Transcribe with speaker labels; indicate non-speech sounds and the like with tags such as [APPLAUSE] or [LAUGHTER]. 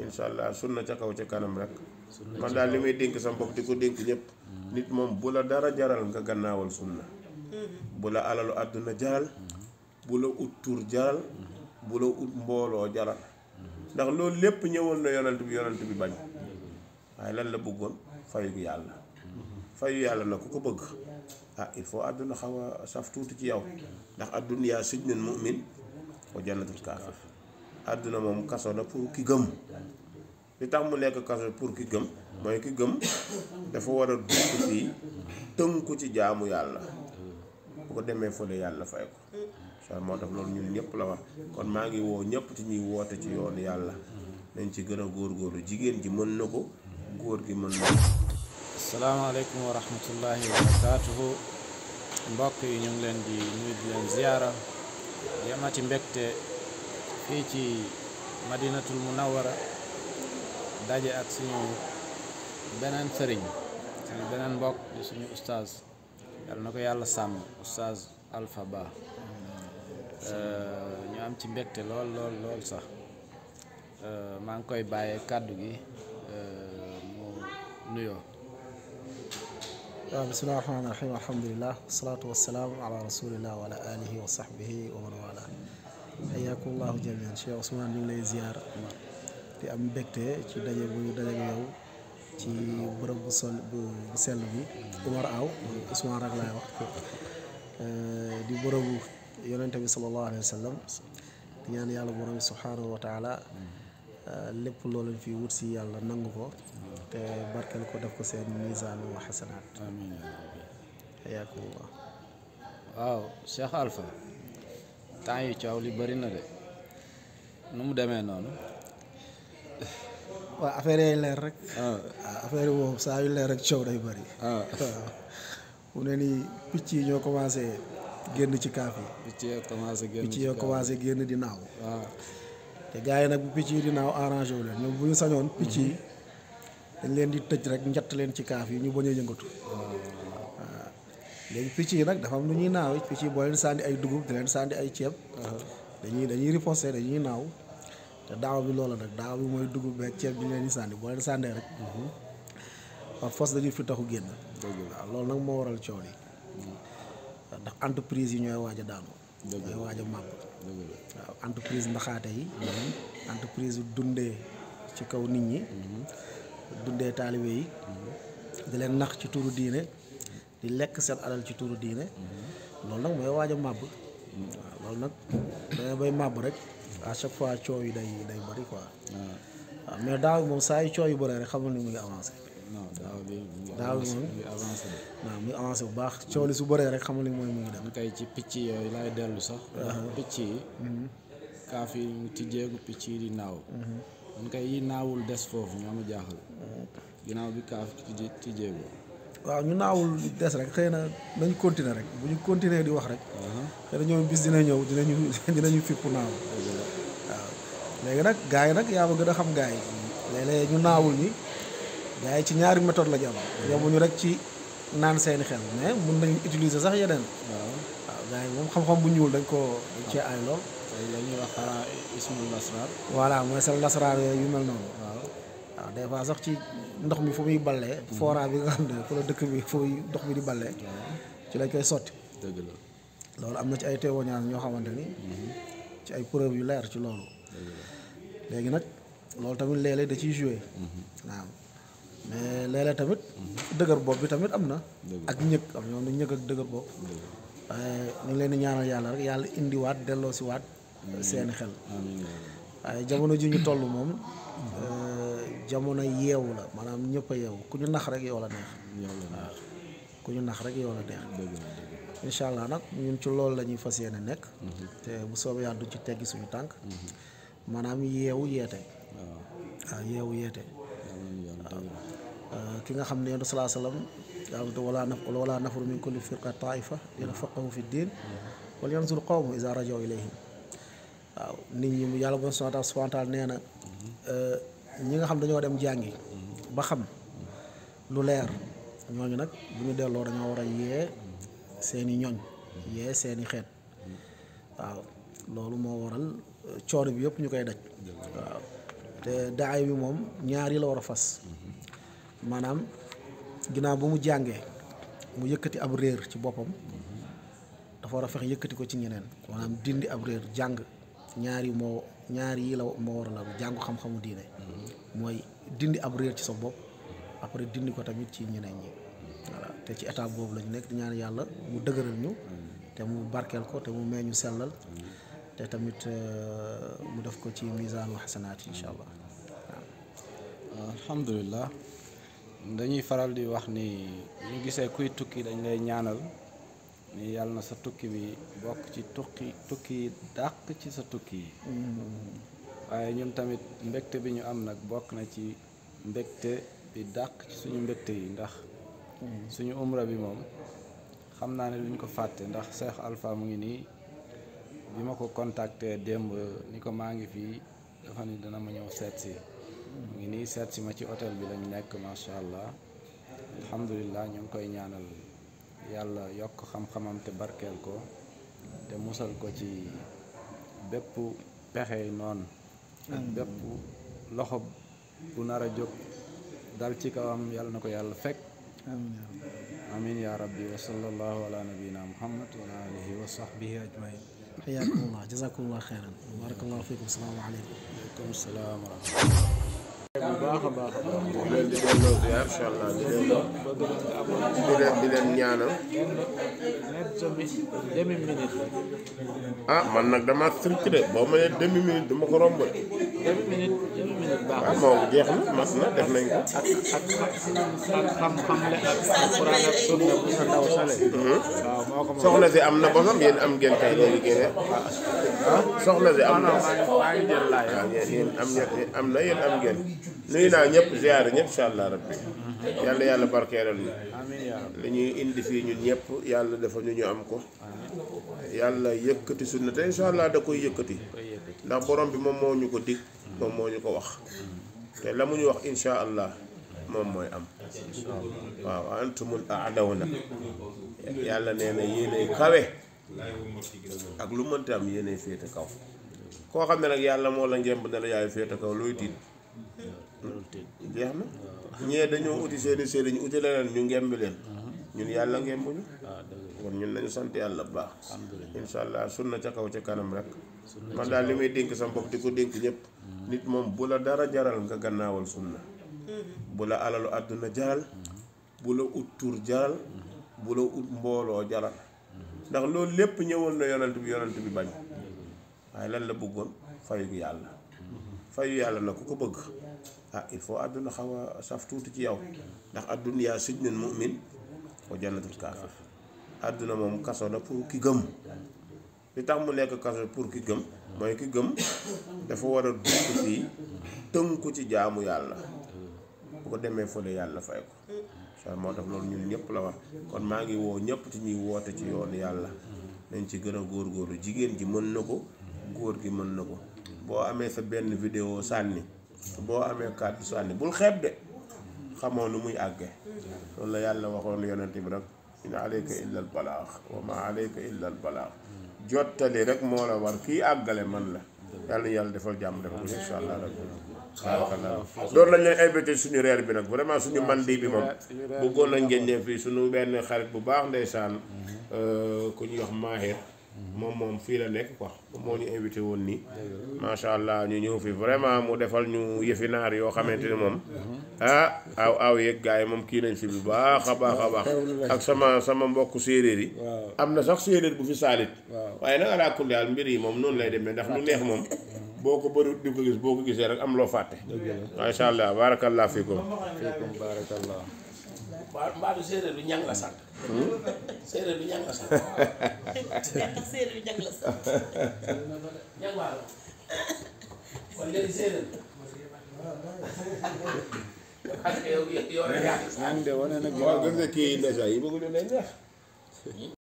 Speaker 1: incha allah sunna ca kaw ca kanam rek man daal li may dénk sa bopp di ko dénk ñëpp mm-hmm. nit moom bu la dara jaral nga gannaawal sunna mm-hmm. bu la alalu àdduna jaral mm-hmm. bu la ut tur jaral bu la ut mbooloo jaral ndax loolu lépp ñëwoon na yonant bi yonant bi bañ waaye lan la bëggoon fayu yàlla fayu yàlla na ku ko bëgg ah il faut àdduna xaw a saf tuuti ci yow ndax àdduna yaa sijnul mu'min wa jannatul kaafir àdduna moom kaso la pour ki gëm li tax mu nekk kaso pour ki gëm mooy ki gëm dafa war a dugg fii tënku ci jaamu yàlla bu ko demee fële yàlla fay ko so moo tax loolu ñun ñëpp la wax kon maa ngi woo ñëpp ci ñuy woote ci yoon yàlla nañ ci gën a góor góorgóorlu jigéen ji mën na ko góor gi mën na ko asalaamaaleykum wa
Speaker 2: rahmatullahi wa mbokk yi ñu leen di nuyu leen ziyaara yamati mbégte fii ci madinatul munawara daje ak suñu beneen sëriñ beneen mbokk di suñu ustaaz yal na ko yàlla sàmm ustaaz Alpha Ba euh, ñu am ci mbégte lool lool lool sax euh, maa ngi koy bàyyee kàddu gi euh, mu nuyoo
Speaker 3: waaw bismillahi rahmaani rahim alhamdulilah wasalaatu wasalaamu ala rasulillah wa ala alihi wa sahbihi wa man wala xayaakumullahu jamian Cheikh Ousmane ñu ngi lay ziar di am mbégte ci daje bu ñu daje yow ci bërëb bu sol bu sell bi Umar Aw Ousmane rek laay wax euh, di bërëbu yonente bi sallallahu alayhi wa sallam di ñaan yàlla borom bi subhanahu wa euh, lépp loolu fi wut si yàlla nangu ko te barkeel ko def ko seen misaanu wa xasanaat
Speaker 2: waaw Cheikh Alpha temps yi coow li bëri na de nu mu demee noonu.
Speaker 3: waa affaire yi leer rek. waaw ah. ah, affaire yi moom saa yu leer rek coow day bëri. Ah. [LAUGHS] waaw mu ne nii picc yi ñoo commencé génn ci kaaf yi. picc yoo commencé
Speaker 2: génn commencé
Speaker 3: génn di naaw. waaw te gars yi nag bu picc yi di naaw arrangé wu leen bu ñu sañoon. picc yi mhm. dañ leen di tëj rek njatt leen ci kaaf yi ñu bañ yëngatu. léegi picc yi nag dafa am lu ñuy naaw picc boo leen ay dugub leen sànni ay ceeb dañuy dañuy riposté dañuy naaw te daaw bi loola nag daaw bi dugub beeg ceeb bi leen di sànni boo leen sànnee rek mhm. par force dañuy fi génn loolu nag moo waral coow yi mhm. ndax entreprise yi ñooy waaj a daanu ñooy waaj a màpp waaw entreprise ndaxaate yi mhm. entreprise dundee ci kaw nit ñi dundee taalibe yi di leen nax ci turu diine di lekk seen alal ci tuuru diine loolu nag mooy waaj a màbb loolu nag dana bay màbb rek à chaque fois coow yi day day bëri quoi waaw mais daaw moom saa yu coow yu bëree rek xamal ni mu ngi avancé
Speaker 2: waaw daaw moom muy avancé bu baax coow li su
Speaker 3: baree rek xamal ni mooy mu ngi
Speaker 2: dem kay ci picc yooyu lay dellu sax uh-huh. picc yi mm-hmm. kaaf yi ñu tijjeeku picc yi di naaw man mm-hmm. kay yi
Speaker 3: naawul des foofu ñoo ma jaaxal mm-hmm. ginnaaw bi kaaf ci waaw ñu naawul des rek xëy na nañ continuer rek bu ñu continuer di wax rek. xëy na ñoom bis dina ñëw dinañu [LAUGHS] dinañu fipp naaw. waaw léegi nag gars yi nag yaa ma gën a xam gaay yi. léeg ñu naawul ni gars yi ci ñaari méthode la ñu am. ñu rek ci naan seeni xel mais mun nañu utiliser sax yeneen. waaw gars moom xam-xam bu ñuul dañ ko dañ cee aay lool. dañuy wax xanaa ah, ismul lasraar. voilà mooy seen lasraar yooyu yu mel noonu. waaw fois sax ci ndox mi fu muy ballee fora bi nga xam ne fu la dëkk bi fu muy ndox mi di bale ci lañ koy sotti dëgg la loolu am na ci ay ñaan ñoo xamante ni ci ay preuve yu leer ci loolu léegi nag loolu tamit léeg da ciy joué mhm. waaw mais léeg tamit dëgër bopp bi tamit am na ak ñëkk am ñoom ni ñëkk ak dëgër bopp waaye ñu leen di ñaanal yàlla rek yàlla indiwaat delloo si waat seeni xel waaye jamono ji ñu toll moom mhm. euh, jamono yeewu la maanaam ñëpp a yeewu ku ñu nax rek yow la neex. waaw ku ñu nax rek yow la neex. incha allah nag ñun ci loolu lañuy ñuy fas yéene nekk. Mhm. te bu soobee yàlla ci teggi suñu tànk. Mhm. maanaam yeewu yeete. waaw yeewu yeete. Euh, ki nga xam ne yonent salaa salaam wala naf wala nafar min kulli firqa mhm. waaw nit ñi yàlla subhaanahu wa taala nee na. Euh, ñi nga xam dañoo dem jàngi ba xam lu leer ñooñu nag bu ñu delloo dañoo war a yee seeni ñoñ yee seeni xeet waaw loolu moo waral euh, coono bi yëpp ñu koy daj waaw te daay bi moom ñaar yi la war a fas maanaam ginnaaw bu mu jàngee mu yëkkati ab réer ci boppam dafa war a fexe yëkkati ko ci ñeneen maanaam dindi ab réer jàng ñaari moo ñaar yi la moo war a la jàngu xam-xamu diine mooy dindi ab réer ci sa bopp après dindi ko tamit ci ñeneen ñi voilà te ci étape boobu la nekk ñaari yàlla mu dëgëral ñu te mu barkeel ko te mu mee ñu sellal te tamit euh, mu def ko ci misaanu xasanaat incha allah waaw
Speaker 2: dañuy faral di wax ni ñu gisee kuy tukki dañ lay ñaanal ni yàlla na sa tukki bi bokk ci tukki tukki yi dàq ci sa tukki yi waaye ñun tamit mbégte bi ñu am nag bokk na ci mbégte bi dàq ci suñu mbégte yi ndax suñu umra bi moom xam naa ne duñ ko fàtte ndax Cheikh Alpha mu ngi nii bi ma ko contacté démb ni ko maa ngi fii dafa ni dana ma ñëw seet mu ngi nii seet si ma ci hôtel bi lañu nekk macha allah alhamdulilah ñu ngi koy ñaanal yàlla yokk xam-xamam te barkeel ko te musal ko ci bépp pexey noon ak bépp loxo bu nar a jóg dal ci kawam yàlla na ko yàlla fekk amin ya rabbi wa sallallahu ala nabiyina muhammad wa ala alihi wa sahbihi ajmain xayaakumullah
Speaker 3: jazakumullah xeyran barakallahu fikum salaamaaleykum aleykum salaam wa rahmatullah bu baax a baax a
Speaker 1: ah man nag dama strict de boo ma nee demi ko romb de.
Speaker 2: every na. def
Speaker 1: nañ ko. ak ak xam-xamle ak alxuraan si am na bosam yéen am ngeen tey am ngeen. nuyu naa ñëpp ziyaare ñëpp yàlla yàlla barkeeral indi fii ñun ñëpp yàlla dafa ñu ñu am ko. yàlla yëkkati sunna te da koy yëkkati. ndax borom bi moom moo ñu ko dig moom moo ñu ko wax te la mu ñu wax insha allah moom mooy am waaw antumul a'lawna yàlla nee na yéenay kawe ak lu mënta am yéenay féete kaw koo xam ne nag yàlla moo la njëmb ne la yaay féete kaw looy tiit jeex na ñee dañoo uti seeni ñu uti leneen ñu ngemb leen ñun yàlla ngembuñu kon ñun nañu sant yàlla bu baax insha allah sunna ca kaw ca kanam rek man daal li may dénk sama bopp di ko dénk ñëpp nit moom bu la dara jaral nga gannaawal sunna mm-hmm. bu la alalu àdduna jaral mm-hmm. bu la ut tur jaral mm-hmm. bu la ut mbooloo jaral ndax loolu lépp ñëwal na yonent bi yonent bi bañ waaye lan la bëggoon fayu yàlla fayu yàlla na ku ko bëgg ah il faut àdduna xaw a saf tuuti ci yow ndax àdduna yaa sijnul mu'min wa jannatul kaafir àdduna moom kaso na pour ki gëm li tax mu nekk kaso pour ki gëm mooy ki gëm dafa war a dugg fii tënku ci jaamu yàlla bu ko demee fële yàlla fay ko sa moo tax loolu ñun ñëpp la wax kon maa ngi woo ñëpp ci ñuy woote ci yoon yàlla nañ ci gën a góoru jigéen ji mën na ko góor gi mën na ko boo amee sa benn vidéo sànni boo amee kàddu sànni bul xeeb de xamoo nu muy àgge loolu la yàlla waxoon yonent bi rek in alayka illa al balaax wa ma alayka illa balaax jottali rek moo la war kii àggale man la yàlla yàlla defal jàmm defal ko incha allah rabbi doon lañ leen invité suñu reer bi nag vraiment suñu man mandi bi moom bëggoon nañ ngeen ñëw fii suñu benn xarit bu baax ndeysaan mm-hmm. euh, ku ñuy wax Maahir moom moom fii la nekk quoi moo ñu invité woon nii macha allah ñu ñëw fi vraiment mu defal ñu yëfi naar yoo xamante ne moom ah aw aw yeeg gars yi moom kii nañ fi bu baax a baax a baax ak sama sama mbokk séeréer yi am na sax séeréer bu fi saalit waaye nag alaa kulli haal mbir yi moom noonu lay demee ndax lu neex moom boo ko bëri di ko gis boo ko gisee rek am loo fàtte macha allah barakallah fiikum fiikum barakallah mbaadu séeréer bi ñang la sant. Hmm? de wane nag. waaw gën nga kii yi bëgg
Speaker 2: lu leen neex. Hmm?